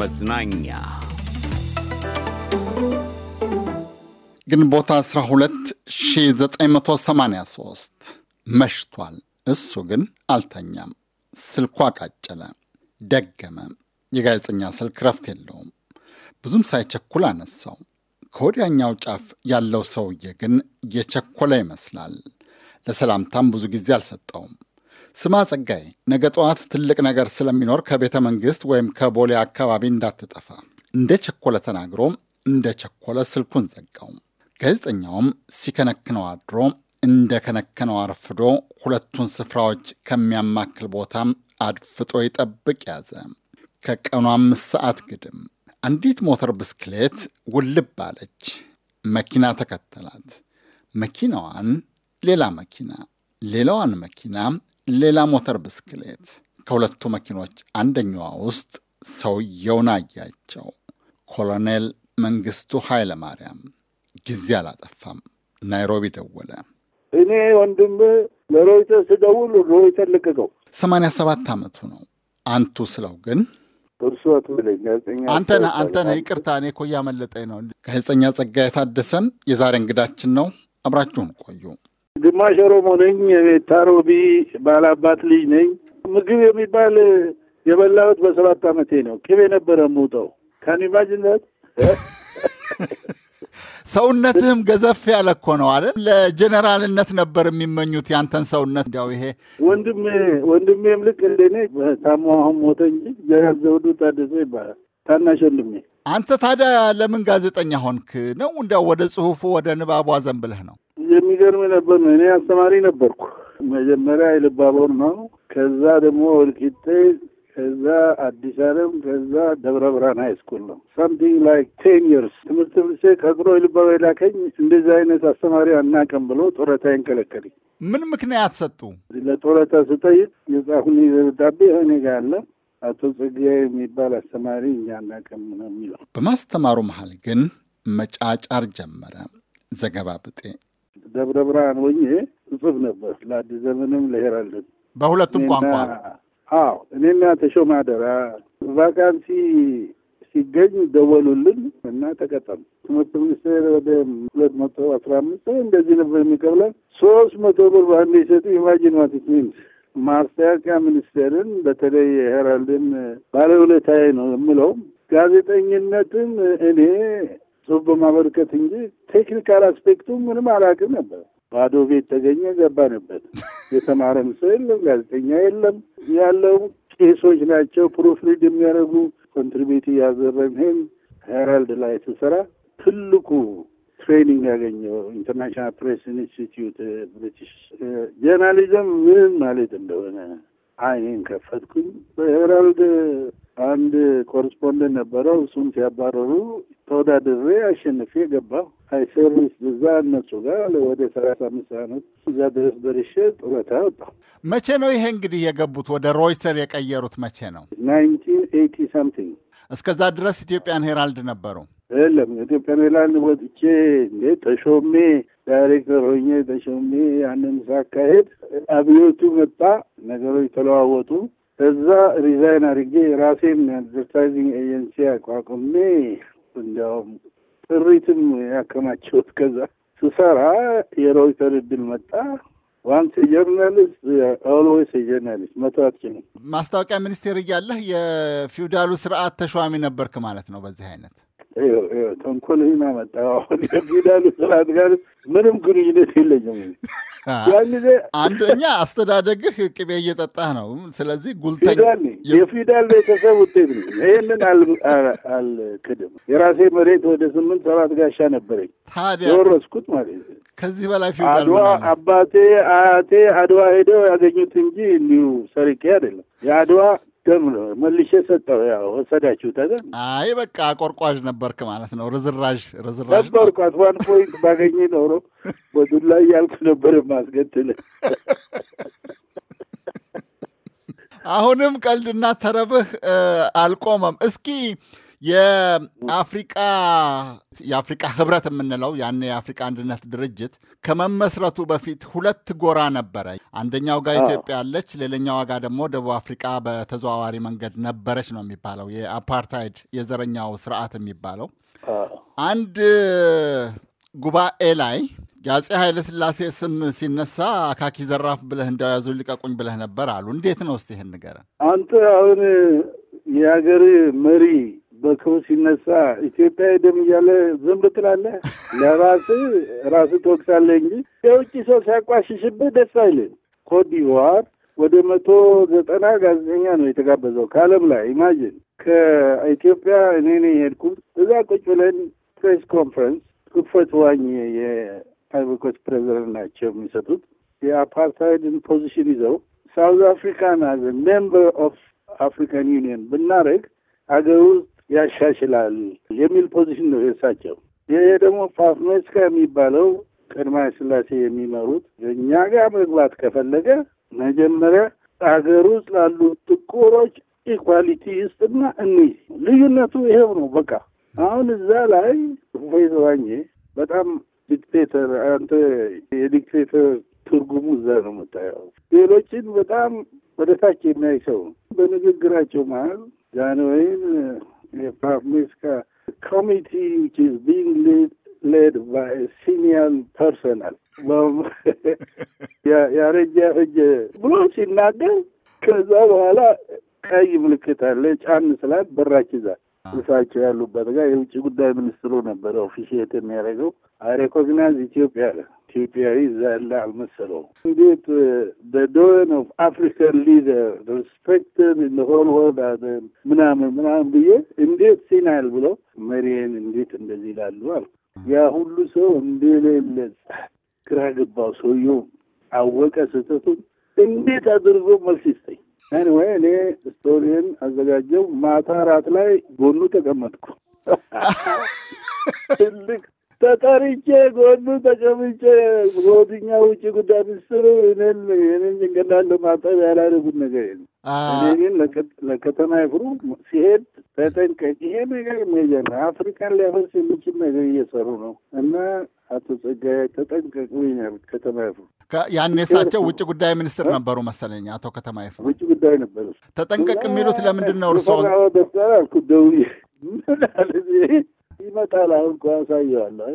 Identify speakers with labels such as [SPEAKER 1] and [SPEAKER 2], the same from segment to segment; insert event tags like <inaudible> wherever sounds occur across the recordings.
[SPEAKER 1] መዝናኛ ግንቦት 12 1983 መሽቷል። እሱ ግን አልተኛም። ስልኩ አቃጨለ። ደገመ። የጋዜጠኛ ስልክ ረፍት የለውም። ብዙም ሳይቸኩል አነሳው። ከወዲያኛው ጫፍ ያለው ሰውዬ ግን የቸኮለ ይመስላል። ለሰላምታም ብዙ ጊዜ አልሰጠውም። ስማ ጸጋይ፣ ነገ ጠዋት ትልቅ ነገር ስለሚኖር ከቤተ መንግስት ወይም ከቦሌ አካባቢ እንዳትጠፋ እንደ ቸኮለ ተናግሮ እንደ ቸኮለ ስልኩን ዘጋው። ጋዜጠኛውም ሲከነክነው አድሮ እንደ ከነከነው አርፍዶ ሁለቱን ስፍራዎች ከሚያማክል ቦታም አድፍጦ ይጠብቅ ያዘ። ከቀኑ አምስት ሰዓት ግድም አንዲት ሞተር ብስክሌት ውልብ አለች። መኪና ተከተላት። መኪናዋን ሌላ መኪና፣ ሌላዋን መኪና ሌላ ሞተር ብስክሌት ከሁለቱ መኪኖች አንደኛዋ ውስጥ ሰውየውን አያቸው። ኮሎኔል መንግስቱ ኃይለ ማርያም ጊዜ አላጠፋም። ናይሮቢ ደወለ።
[SPEAKER 2] እኔ ወንድም ለሮይተር ስደውል ሮይተር ልቅቀው።
[SPEAKER 1] ሰማንያ ሰባት ዓመቱ ነው። አንቱ ስለው ግን አንተ አንተ ይቅርታ እኔ እኮ እያመለጠኝ ነው። ጋዜጠኛ ጸጋዬ ታደሰም የዛሬ እንግዳችን ነው። አብራችሁን ቆዩ።
[SPEAKER 2] ግማሽ ኦሮሞ ነኝ። ታሮቢ ባላባት ልጅ ነኝ። ምግብ የሚባል የበላሁት በሰባት አመቴ ነው። ቅቤ ነበረ ሙጠው ከኒማጅነት <laughs>
[SPEAKER 1] ሰውነትህም ገዘፍ ያለ እኮ ነው አለ። ለጀኔራልነት ነበር የሚመኙት ያንተን ሰውነት። እንዲያው ይሄ
[SPEAKER 2] ወንድሜ ወንድሜም ልክ እንደኔ ታሟሁን አሁን ሞተ እንጂ ዘውዱ ታደሰ ይባላል። ታናሽ ወንድሜ። አንተ ታዲያ ለምን
[SPEAKER 1] ጋዜጠኛ ሆንክ? ነው እንዲያው ወደ ጽሁፉ ወደ ንባቡ አዘንብለህ ነው?
[SPEAKER 2] የሚገርም ነበር። እኔ አስተማሪ ነበርኩ። መጀመሪያ የልባቦር ነው፣ ከዛ ደግሞ ወልቂጤ፣ ከዛ አዲስ ዓለም፣ ከዛ ደብረ ብርሃን ሀይ ስኩል ነው። ሳምቲንግ ላይክ ቴን ይርስ ትምህርት ብልሴ ቀጥሮ የልባቦ ላከኝ። እንደዚህ አይነት አስተማሪ አናቀም ብሎ ጦረታ ከለከለኝ። ምን ምክንያት ሰጡ? ለጡረታ ስጠይቅ የጻፉን ደብዳቤ እኔ ጋ ያለ አቶ ጽጌ የሚባል አስተማሪ እኛ አናቀም ነው የሚለው።
[SPEAKER 1] በማስተማሩ መሀል ግን መጫጫር ጀመረ ዘገባ ብጤ
[SPEAKER 2] ደብረ ብርሃን ሆኜ እጽፍ ነበር ለአዲስ ዘመንም ለሄራልድም
[SPEAKER 1] በሁለቱም ቋንቋ።
[SPEAKER 2] አዎ እኔና ተሾመ አደራ ቫካንሲ ሲገኝ ደወሉልን እና ተቀጠም ትምህርት ሚኒስቴር ወደ ሁለት መቶ አስራ አምስት እንደዚህ ነበር የሚቀብለን ሶስት መቶ ብር በአንድ ይሰጡ። ኢማጂን ዋት ኢት ሚንስ ማስታወቂያ ሚኒስቴርን በተለይ ሄራልድን ባለውለታዬ ነው የምለው። ጋዜጠኝነትን እኔ ጽሑፍ በማበርከት እንጂ ቴክኒካል አስፔክቱ ምንም አላውቅም ነበር። ባዶ ቤት ተገኘ ገባንበት። <laughs> የተማረም ሰው የለም፣ ጋዜጠኛ የለም። ያለው ቄሶች ናቸው ፕሮፍሪድ የሚያደርጉ ኮንትሪቢዩት እያዘረን ሄራልድ ላይ ስሰራ ትልቁ ትሬኒንግ ያገኘው ኢንተርናሽናል ፕሬስ ኢንስቲትዩት ብሪቲሽ ጀርናሊዝም ምን ማለት እንደሆነ አይን ከፈትኩኝ። በሄራልድ አንድ ኮረስፖንደንት ነበረው። እሱም ሲያባረሩ ተወዳድሬ አሸንፌ ገባሁ። አይ ሰርቪስ እዛ እነሱ ጋር ወደ ሰላሳ አምስት ዓመት እዛ ድረስ ደርሼ ጡረታ ወጣሁ።
[SPEAKER 1] መቼ ነው ይሄ እንግዲህ የገቡት ወደ ሮይተር የቀየሩት መቼ ነው?
[SPEAKER 2] ናይንቲን ኤይቲ ሳምቲንግ።
[SPEAKER 1] እስከዛ ድረስ ኢትዮጵያን ሄራልድ ነበሩ?
[SPEAKER 2] የለም ኢትዮጵያን ሄራልድ ወጥቼ እንዴ ተሾሜ ዳይሬክተር ሆኜ ተሾሜ ያንን ሳካሄድ አብዮቱ መጣ። ነገሮች ተለዋወጡ። ከዛ ሪዛይን አድርጌ ራሴን አድቨርታይዚንግ ኤጀንሲ አቋቁሜ እንዲያውም ጥሪትም ያከማቸውት ከዛ ስሰራ የሮይተር እድል መጣ። ዋንስ ጀርናሊስት ኦልዌይስ ጀርናሊስት መቷት። አትችልም።
[SPEAKER 1] ማስታወቂያ ሚኒስቴር እያለህ የፊውዳሉ ስርዓት ተሿሚ ነበርክ ማለት ነው በዚህ አይነት
[SPEAKER 2] ተንኮል ማመጣ አሁን ከፊዳሉ ስርዓት ጋር ምንም ግንኙነት የለኝም። ያን ጊዜ አንደኛ
[SPEAKER 1] አስተዳደግህ ቅቤ እየጠጣህ ነው። ስለዚህ ጉልተኛ
[SPEAKER 2] የፊዳል ቤተሰብ ውጤት ነው። ይህንን አልክድም። የራሴ መሬት ወደ ስምንት ሰባት ጋሻ ነበረኝ ታዲያ የወረስኩት ማለት ከዚህ በላይ ፊውዳል አባቴ አያቴ አድዋ ሄደው ያገኙት እንጂ እንዲሁ ሰርቄ አይደለም። የአድዋ ደም መልሼ ሰጠው። ያው ወሰዳችሁት አይደል?
[SPEAKER 1] አይ በቃ አቆርቋዥ ነበርክ ማለት ነው። ርዝራዥ ርዝራዥ
[SPEAKER 2] ነበርኩ። አትዋን ፖይንት ባገኘ ኖሮ በዱላ እያልኩ ነበር ማስገድል።
[SPEAKER 1] አሁንም ቀልድና ተረብህ አልቆመም። እስኪ የአፍሪቃ የአፍሪቃ ህብረት የምንለው ያኔ የአፍሪቃ አንድነት ድርጅት ከመመስረቱ በፊት ሁለት ጎራ ነበረ። አንደኛው ጋር ኢትዮጵያ አለች፣ ሌላኛው ጋር ደግሞ ደቡብ አፍሪቃ በተዘዋዋሪ መንገድ ነበረች ነው የሚባለው የአፓርታይድ የዘረኛው ስርዓት የሚባለው አንድ ጉባኤ ላይ የአፄ ኃይለ ስላሴ ስም ሲነሳ አካኪ ዘራፍ ብለህ እንዲያው ያዙ ብለህ ነበር አሉ። እንዴት ነው እስቲ ይህን ንገረን።
[SPEAKER 2] አንተ አሁን የሀገር መሪ በክሩ ሲነሳ ኢትዮጵያ ደም እያለ ዝም ትላለ። ለራስ ራስ ትወቅሳለህ እንጂ የውጭ ሰው ሲያቋሽሽብህ ደስ አይልህ። ኮትዲቯር ወደ መቶ ዘጠና ጋዜጠኛ ነው የተጋበዘው ከዓለም ላይ ኢማጅን። ከኢትዮጵያ እኔ ነኝ የሄድኩት። እዛ ቁጭ ብለን ፕሬስ ኮንፈረንስ ክፈት ዋኝ የአይቮሪኮስት ፕሬዚደንት ናቸው የሚሰጡት የአፓርታይድን ፖዚሽን ይዘው ሳውዝ አፍሪካን አዘ ሜምበር ኦፍ አፍሪካን ዩኒየን ብናደርግ አገር ውስጥ ያሻሽላል የሚል ፖዚሽን ነው የእሳቸው። ይሄ ደግሞ ፓፍሜስካ የሚባለው ቅድማ ስላሴ የሚመሩት እኛ ጋር መግባት ከፈለገ መጀመሪያ አገር ውስጥ ላሉ ጥቁሮች ኢኳሊቲ ውስጥና እንይ ልዩነቱ ይሄው ነው በቃ። አሁን እዛ ላይ ፎይ በጣም ዲክቴተር አንተ የዲክቴተር ትርጉሙ እዛ ነው የምታየው። ሌሎችን በጣም ወደታች የሚያይ ሰው በንግግራቸው መሀል ጃንሆይን pop musica committee which is being led led by a senior personnel ያረጀ ያረጀ ብሎ ሲናገር ከዛ በኋላ ቀይ ምልክት አለ። ጫን ስላት በራች ዛ እሳቸው ያሉበት ጋር የውጭ ጉዳይ ሚኒስትሩ ነበረ ኦፊሽት የሚያደረገው ሬኮግናይዝ ኢትዮጵያ አለ። ኢትዮጵያዊ እዛ ያለ አልመሰለውም። እንዴት ዶን ኦፍ አፍሪካን ሊደር ሪስፔክትድ ሆል ምናምን ምናምን ብዬ እንዴት ሲናይል ብሎ መሪን እንዴት እንደዚህ ይላሉ አልኩ። ያ ሁሉ ሰው እንደሌለ ግራ ገባው። ሰውየው አወቀ ስህተቱን እንዴት አድርጎ መልስ ይስጠኝ። ኤኒዌይ እኔ ስቶሪን አዘጋጀው። ማታ ራት ላይ ጎኑ ተቀመጥኩ። <laughs> ትልቅ ተጠርቼ ጎኑ ተጨምጬ ወዲኛ ውጭ ጉዳይ ሚኒስትር እኔን እኔን ጭንቅላት ማጠብ ያላደረጉት ነገር የለም። እኔ ግን ለከተማ ይፍሩ ሲሄድ ተጠንቀቅ፣ ይሄ ነገር መጀመ አፍሪካን ሊያፈርስ የሚችል ነገር እየሰሩ ነው እና አቶ ጸጋዬ ተጠንቀቁ ይኛል ከተማ ይፍሩ።
[SPEAKER 1] ያኔ እሳቸው ውጭ ጉዳይ ሚኒስትር ነበሩ መሰለኝ አቶ ከተማ ይፍሩ ውጭ
[SPEAKER 2] ጉዳይ ነበሩ። ተጠንቀቅ የሚሉት ለምንድን ነው? እርስዎ ደብተር አልኩት ደውዬ ምን አለ ይመጣል። አሁን እኮ ያሳየዋለሁ።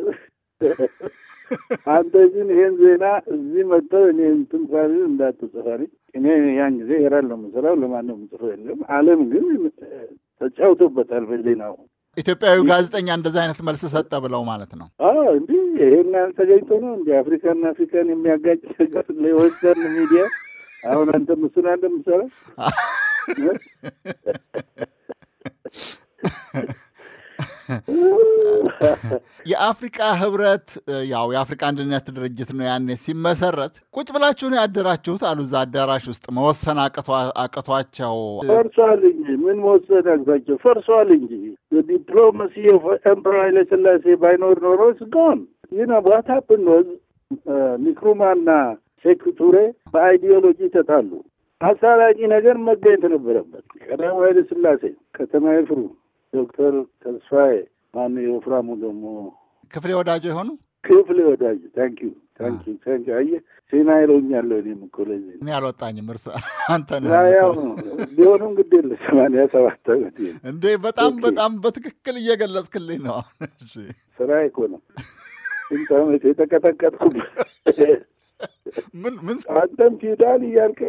[SPEAKER 2] አንተ ግን ይሄን ዜና እዚህ መጥተው እኔ ትንኳን እንዳትጽፈሪ። እኔ ያን ጊዜ ሄራል ነው የምሰራው፣ ለማንም ጽፎ የለም። አለም ግን ተጫውቶበታል በዜናው። ኢትዮጵያዊ ጋዜጠኛ
[SPEAKER 1] እንደዚ አይነት መልስ ሰጠ ብለው ማለት ነው።
[SPEAKER 2] አዎ እንዲህ ይሄን ተገኝቶ ነው እንዲ አፍሪካና አፍሪካን የሚያጋጭ ነገር ለወሰን ሚዲያ አሁን አንተ ምስና ምሰራ <laughs>
[SPEAKER 1] የአፍሪቃ ህብረት ያው የአፍሪቃ አንድነት ድርጅት ነው ያኔ ሲመሰረት ቁጭ ብላችሁ ነው ያደራችሁት አሉ። እዛ አዳራሽ ውስጥ መወሰን አቅቷቸው
[SPEAKER 2] ፈርሷል እንጂ ምን መወሰን አቅቷቸው ፈርሷል እንጂ ዲፕሎማሲ ኤምፐራ ኃይለሥላሴ ባይኖር ኖሮ ስጋን ይህነ ባታፕን ወዝ ንክሩማና ሴኩቱሬ በአይዲዮሎጂ ተታሉ። አስታራቂ ነገር መገኘት ነበረበት። ቀዳማዊ ኃይለስላሴ ከተማ ይፍሩ ዶክተር ተስፋዬ ማን የወፍራሙ ደግሞ ክፍሌ ወዳጆ የሆኑ ክፍሌ ወዳጆ ታንኪዩ ታንኪ ታንኪዩ አየህ ዜና ይለውኛል። እኔም እኮ ለዚህ
[SPEAKER 1] እኔ አልወጣኝም።
[SPEAKER 2] እርስ አንተ ያው ቢሆንም ግድ የለ ሰማንያ ሰባት ዓመት
[SPEAKER 1] እንዴ! በጣም በጣም በትክክል እየገለጽክልኝ ነው።
[SPEAKER 2] ስራ ይኮ ነው ስንት ዓመት የተቀጠቀጥኩበት ምን ምን አንተም ፊውዳል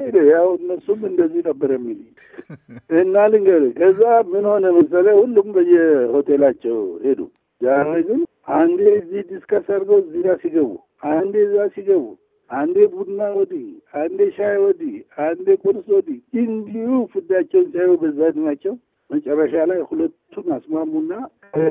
[SPEAKER 2] ሄደ። ያው እነሱም እንደዚህ ነበር የሚል እና ልንገርህ። ከዛ ምን ሆነ መሰለህ ሁሉም በየሆቴላቸው ሄዱ። ዛሬ ግን አንዴ እዚህ ዲስከስ አድርገው እዚህ ጋር ሲገቡ፣ አንዴ እዛ ሲገቡ፣ አንዴ ቡና ወዲህ፣ አንዴ ሻይ ወዲህ፣ አንዴ ቁርስ ወዲህ እንዲሁ ፍዳቸውን ሳይሆን በዛ ድናቸው። መጨረሻ ላይ ሁለቱን አስማሙና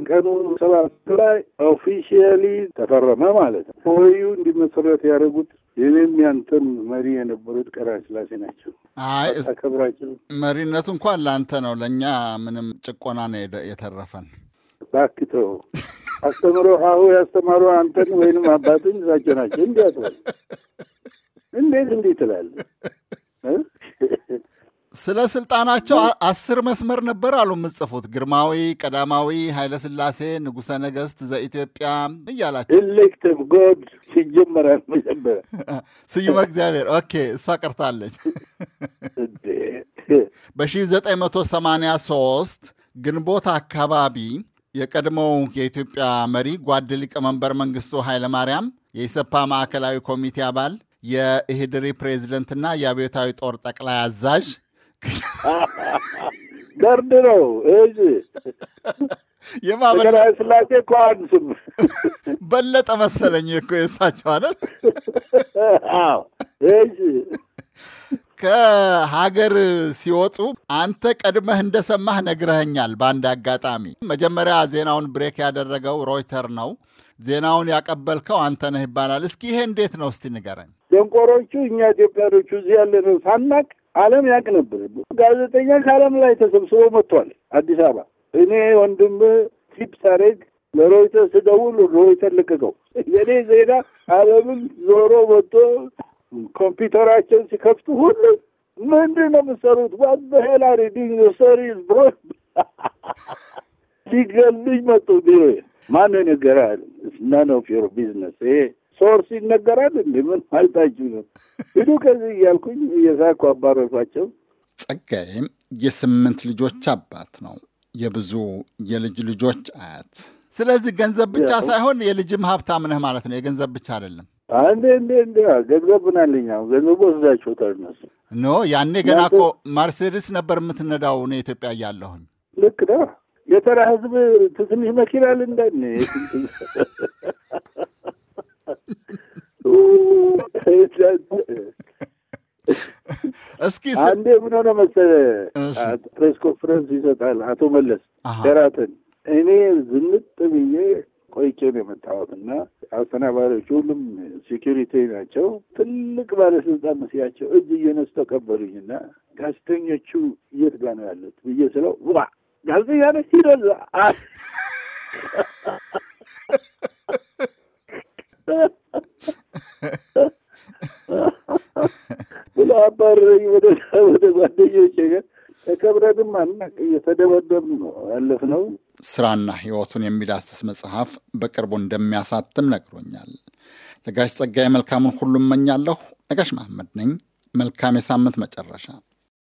[SPEAKER 2] ቀኑ ሰባት ላይ ኦፊሽያሊ ተፈረመ ማለት ነው። ወዩ እንዲመሰረት ያደረጉት የኔም ያንተም መሪ የነበሩት ቀዳማዊ ሥላሴ ናቸው። አይ አከብራችን
[SPEAKER 1] መሪነቱ እንኳን ለአንተ ነው፣ ለእኛ ምንም ጭቆና ነው የተረፈን። ባክተው
[SPEAKER 2] አስተምሮ ሀሁ ያስተማሩ አንተን ወይንም አባትን እሳቸው ናቸው። እንዲያትል አትበል። እንዴት እንዲህ ትላለህ? ስለ ስልጣናቸው
[SPEAKER 1] አስር መስመር ነበር አሉ የምጽፉት። ግርማዊ ቀዳማዊ ስላሴ፣ ንጉሠ ነገሥት ዘኢትዮጵያ እያላቸው ኢሌክትቭ ጎድ ሲጀመረ ጀመረ <laughs> ስዩመ እግዚአብሔር። ኦኬ እሷ ቀርታለች። <laughs> በ1983 ግንቦት አካባቢ የቀድሞው የኢትዮጵያ መሪ ጓድ ሊቀመንበር መንግስቱ ኃይለማርያም የኢሰፓ ማዕከላዊ ኮሚቴ አባል የኢህድሪ ፕሬዚደንትና የአብዮታዊ ጦር ጠቅላይ አዛዥ
[SPEAKER 2] ደርድ ነው እዚ የማበላ ስላሴ እኮ
[SPEAKER 1] አንድ በለጠ መሰለኝ እኮ የሳቸው አይደል? እዚ ከሀገር ሲወጡ አንተ ቀድመህ እንደሰማህ ነግረኸኛል። በአንድ አጋጣሚ መጀመሪያ ዜናውን ብሬክ ያደረገው ሮይተር ነው። ዜናውን ያቀበልከው አንተ ነህ ይባላል። እስኪ ይሄ እንዴት ነው? እስቲ ንገረኝ።
[SPEAKER 2] ደንቆሮቹ እኛ ኢትዮጵያኖቹ እዚህ ያለነው ነው ሳናቅ ዓለም ያቅ ነበር። ጋዜጠኛ ከዓለም ላይ ተሰብስቦ መጥቷል አዲስ አበባ። እኔ ወንድም ቲፕ ሳሬግ ለሮይተር ስደውል ሮይተር ልቅቀው የኔ ዜና ዓለምን ዞሮ መጥቶ ኮምፒውተራቸውን ሲከፍቱ ሁሉ ምንድን ነው የምትሰሩት? ባበሄላ ሪዲንግ ሰሪዝ ብሮ ሲገልኝ መጡ ቢሮ ማን ነገር እና ነው ፊር ቢዝነስ ይሄ ሶርስ ይነገራል እንዴ? ምን ማለታችሁ ነው? ሂዱ ከዚህ እያልኩኝ እየሳኩ አባረርኳቸው። ጸጋዬም የስምንት
[SPEAKER 1] ልጆች አባት ነው፣ የብዙ የልጅ ልጆች አያት።
[SPEAKER 2] ስለዚህ ገንዘብ ብቻ
[SPEAKER 1] ሳይሆን የልጅም ሀብታም ነህ ማለት ነው። የገንዘብ ብቻ አይደለም።
[SPEAKER 2] አንዴ እንዴ እንዴ ገንዘብ ብናለኛ ገንዘብ ወስዳችሁታል እነሱ። ኖ ያኔ ገና እኮ
[SPEAKER 1] መርሴዲስ ነበር የምትነዳው እኔ ኢትዮጵያ እያለሁኝ።
[SPEAKER 2] ልክ ነው። የተራ ህዝብ ትንሽ መኪና ልንዳን <laughs> እስኪ አንዴ ምን ሆነ መሰለ ፕሬስ ኮንፈረንስ ይሰጣል አቶ መለስ ደራትን። እኔ ዝንጥ ብዬ ቆይቼ ነው የመጣሁት እና አስተናባሪዎች ሁሉም ሴኪሪቲ ናቸው። ትልቅ ባለስልጣን መስያቸው እጅ እየነሱ ተቀበሉኝ እና ጋዜጠኞቹ የት ጋ ነው ያሉት ብዬ ስለው ዋ ጋዜጠኛ ነች ይደላ እያባረረኝ ወደ <laughs> ወደ ጓደኞቼ ጋር ከብረድማ እየተደበደብን ነው ያለፍ ነው።
[SPEAKER 1] ስራና ህይወቱን የሚዳስስ መጽሐፍ በቅርቡ እንደሚያሳትም ነግሮኛል። ለጋሽ ጸጋዬ መልካሙን ሁሉ እመኛለሁ። ነጋሽ መሐመድ ነኝ። መልካም የሳምንት መጨረሻ